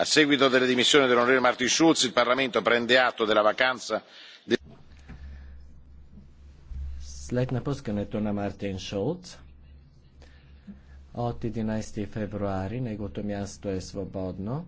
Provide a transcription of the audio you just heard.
a seguito delle dimissioni dell'on. martin schulz il parlamento prende atto della vacanza. след напускането на мартин шулц от 11 февруари неговото място е свободно.